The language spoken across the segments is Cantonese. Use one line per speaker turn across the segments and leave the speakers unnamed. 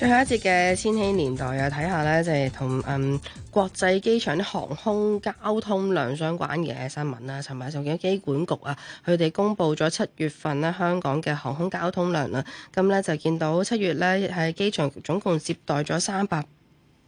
最後一節嘅千禧年代啊，睇下咧，就係同嗯國際機場啲航空交通量相關嘅新聞啦。尋日就見到機管局啊，佢哋公布咗七月份咧香港嘅航空交通量啦。咁咧就見到七月咧喺機場總共接待咗三百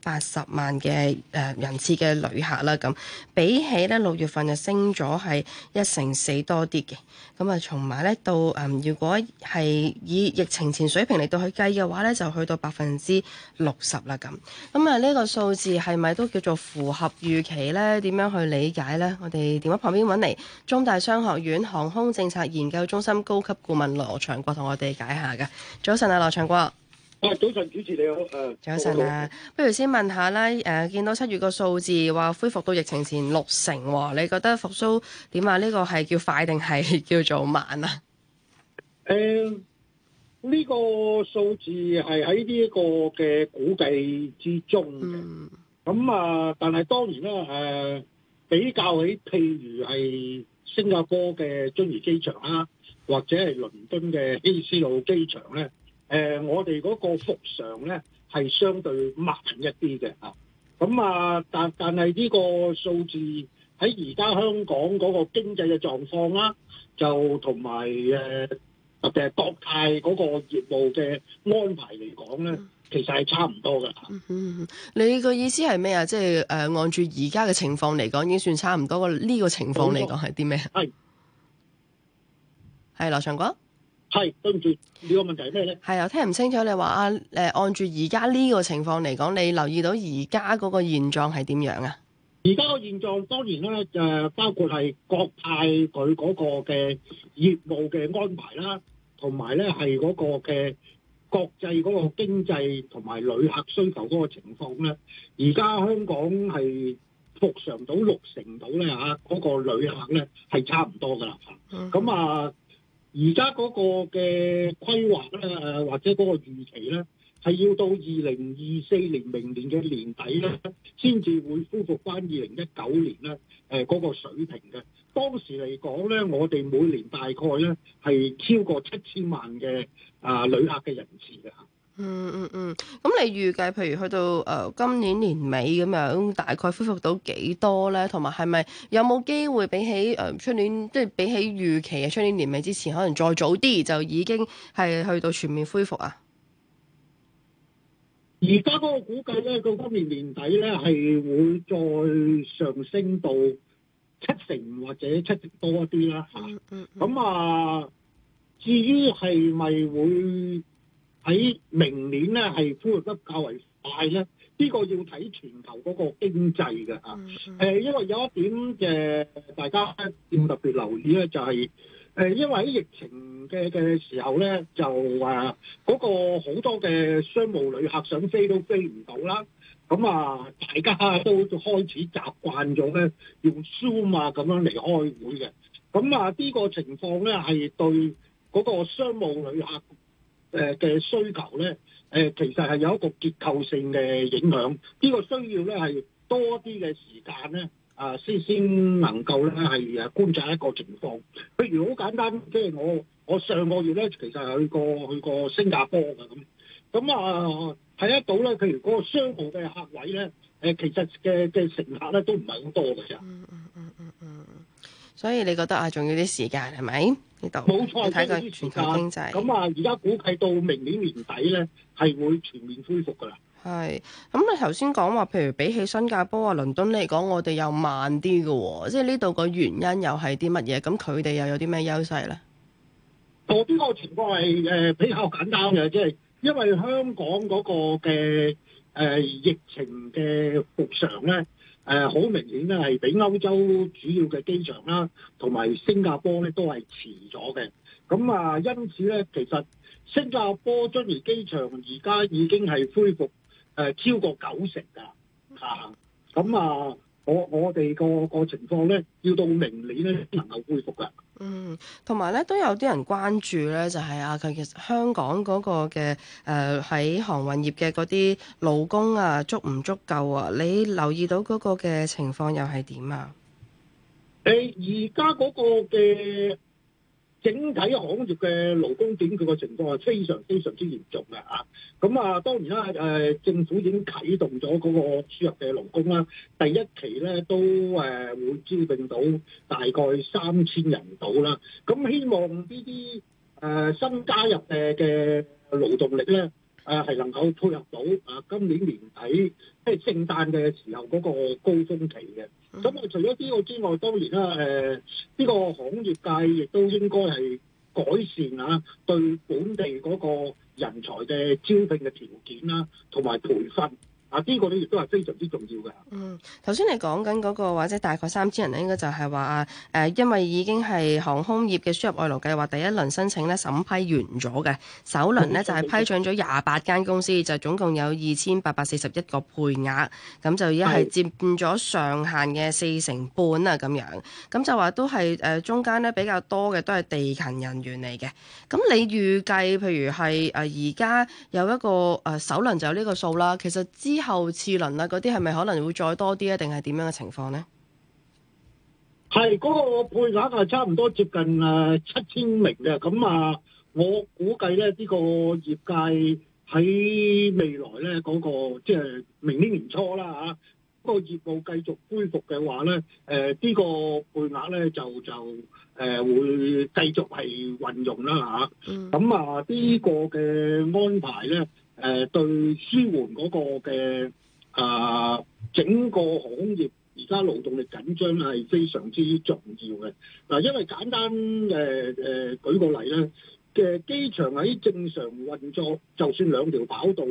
八十萬嘅誒人次嘅旅客啦，咁比起咧六月份就升咗係一成四多啲嘅，咁啊同埋咧到嗯，如果係以疫情前水平嚟到去計嘅話，咧，就去到百分之六十啦，咁咁啊呢個數字係咪都叫做符合預期咧？點樣去理解咧？我哋電話旁邊揾嚟中大商學院航空政策研究中心高級顧問羅祥國同我哋解下嘅。早晨啊，羅祥國。
喂、啊，早晨，主持你好。嗯、啊，早晨啊，
不如先問下啦。誒、啊，見到七月個數字話恢復到疫情前六成喎，你覺得復蘇點啊？呢、這個係叫快定係叫做慢啊？誒、嗯，
呢個數字係喺呢一個嘅估計之中嘅。咁啊、嗯嗯，但係當然啦，誒、啊，比較起譬如係新加坡嘅樟宜機場啦，或者係倫敦嘅希斯路機場咧。誒、呃，我哋嗰個復常咧係相對慢一啲嘅嚇，咁啊，但但係呢個數字喺而家香港嗰個經濟嘅狀況啦、啊，就同埋誒特別係國泰嗰個業務嘅安排嚟講咧，其實係差唔多嘅、嗯嗯。
嗯，你嘅意思係咩啊？即係誒，按住而家嘅情況嚟講，已經算差唔多嘅。呢個情況嚟講係啲咩？係、嗯，係羅祥國。係，對唔住，呢個問題咩咧？係啊，聽唔清楚你話啊？誒，按住而家呢個情況嚟講，你留意到而家嗰個現狀係點樣啊？
而家個現狀當然咧，誒，包括係國泰佢嗰個嘅業務嘅安排啦，同埋咧係嗰個嘅國際嗰個經濟同埋旅客需求嗰個情況咧。而家香港係復常到六成到咧啊！嗰個旅客咧係差唔多噶啦。咁、嗯、哼啊～而家嗰個嘅規劃咧，誒或者嗰個預期咧，係要到二零二四年明年嘅年底咧，先至會恢復返二零一九年咧，誒、那、嗰個水平嘅。當時嚟講咧，我哋每年大概咧係超過七千萬嘅啊、呃呃、旅客嘅人次嘅嚇。
嗯嗯嗯，咁你預計譬如去到誒、呃、今年年尾咁樣，大概恢復到幾多咧？同埋係咪有冇機會比起誒出年，即係比起預期嘅出年年尾之前，可能再早啲就已經係去到全面恢復啊？
而家嗰個估計咧，各方面年底咧係會再上升到七成或者七成多一啲啦。嚇、嗯嗯嗯，咁啊，至於係咪會？喺明年咧係恢復得較為快咧，呢、這個要睇全球嗰個經濟嘅㗎。誒、mm hmm. 呃，因為有一點嘅大家要特別留意咧、就是，就係誒，因為喺疫情嘅嘅時候咧，就話嗰、呃那個好多嘅商務旅客想飛都飛唔到啦。咁、呃、啊，大家都開始習慣咗咧用 Zoom 啊咁樣嚟開會嘅。咁、呃、啊，呢、這個情況咧係對嗰個商務旅客。誒嘅需求咧，誒其實係有一個結構性嘅影響，呢個需要咧係多啲嘅時間咧，啊先先能夠咧係啊觀察一個情況。譬如好簡單，即係我我上個月咧，其實去過去過新加坡嘅，咁，咁啊
睇得到咧，譬如嗰個商務嘅客位咧，誒其實嘅嘅乘客咧都唔係咁多㗎咋、嗯。嗯嗯嗯嗯所以你覺得啊，仲要啲時間係咪？冇錯，你睇緊啲全球經濟。咁啊，而家估計到明年年底咧，係
會全面恢復噶啦。
係。咁你頭先講話，譬如比起新加坡啊、倫敦嚟講，我哋又慢啲嘅喎。即係呢度個原因又係啲乜嘢？咁佢哋又有啲咩優勢咧？
個呢個情況係誒比較簡單嘅，即係因為香港嗰個嘅誒疫情嘅復常咧。誒好、呃、明顯咧，係比歐洲主要嘅機場啦、啊，同埋新加坡咧都係遲咗嘅。咁啊，因此咧，其實新加坡樟宜機場而家已經係恢復誒、呃、超過九成㗎。嚇、啊！咁啊，我我哋個個情況咧，要到明年咧能夠恢復㗎。
嗯，同埋咧都有啲人關注咧，就係、佢、啊，其實香港嗰個嘅誒喺航運業嘅嗰啲勞工啊，足唔足夠啊？你留意到嗰個嘅情況又係點啊？誒、欸，
而家嗰個嘅。整體行業嘅勞工短缺嘅情況係非常非常之嚴重嘅啊！咁啊，當然啦，誒、呃、政府已經啟動咗嗰個輸入嘅勞工啦，第一期咧都誒、呃、會招聘到大概三千人到啦。咁、啊、希望呢啲誒新加入嘅嘅勞動力咧，誒、啊、係能夠配合到啊今年年底即係聖誕嘅時候嗰個高峰期嘅。咁啊，嗯、除咗呢個之外，當然啦，誒、呃、呢、這個行業界亦都應該係改善啊，對本地嗰個人才嘅招聘嘅條件啦、啊，同埋培訓。啊！
呢個咧亦都係非常之重要嘅。嗯，頭先你講緊嗰個或者大概三千人咧，應該就係話誒，因為已經係航空業嘅輸入外勞計劃第一輪申請咧審批完咗嘅，首輪咧就係批准咗廿八間公司，就總共有二千八百四十一個配額，咁、嗯、就已經係佔咗上限嘅四成半啊咁樣。咁、嗯、就話都係誒、呃、中間咧比較多嘅都係地勤人員嚟嘅。咁、嗯、你預計譬如係誒而家有一個誒、呃、首輪就有呢個數啦，其實之後次輪啊，嗰啲係咪可能會再多啲咧？定係點樣嘅情況咧？
係嗰個配額係差唔多接近誒七千名嘅。咁啊，我估計咧，呢個業界喺未來咧，嗰個即係明年年初啦，吓，嗰個業務繼續恢復嘅話咧，誒，呢個配額咧就就誒會繼續係運用啦，吓。咁啊，呢個嘅安排咧。誒、呃、對舒緩嗰個嘅啊，整個航空業而家勞動力緊張係非常之重要嘅。嗱、啊。因為簡單誒誒、呃呃、舉個例咧，嘅機場喺正常運作，就算兩條跑道，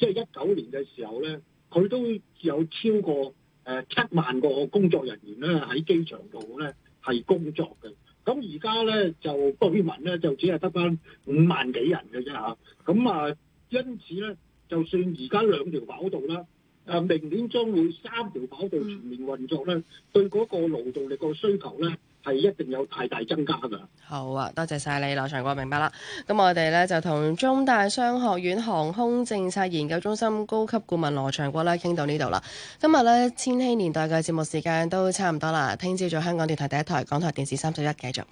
即係一九年嘅時候咧，佢都有超過誒、呃、七萬個工作人員咧喺機場度咧係工作嘅。咁而家咧就居民咧就只係得返五萬幾人嘅啫嚇，咁啊～啊因此咧，就算而家兩條跑道啦，誒明年將會三條跑道全面運作咧，嗯、對嗰個勞動力個需求咧，係一定有太大增
加噶。好啊，多謝晒你羅祥國，明白啦。咁我哋咧就同中大商學院航空政策研究中心高級顧問羅祥國咧傾到呢度啦。今日咧千禧年代嘅節目時間都差唔多啦，聽朝早香港電台第一台、港台電視三十一繼續。